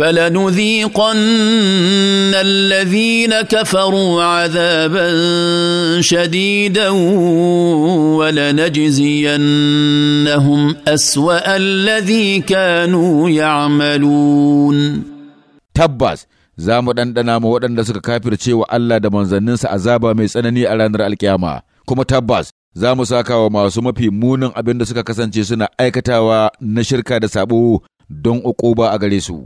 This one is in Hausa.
فلنذيقن الذين كفروا عذابا شديدا ولنجزينهم اسوا الذي كانوا يعملون تبس za mu ɗanɗana ma waɗanda suka kafirce wa Allah da manzanninsa azaba mai tsanani a ranar alkiyama kuma tabbas za mu saka wa masu mafi munin abin da suka kasance suna aikatawa na shirka da sabo don uku ba a gare su.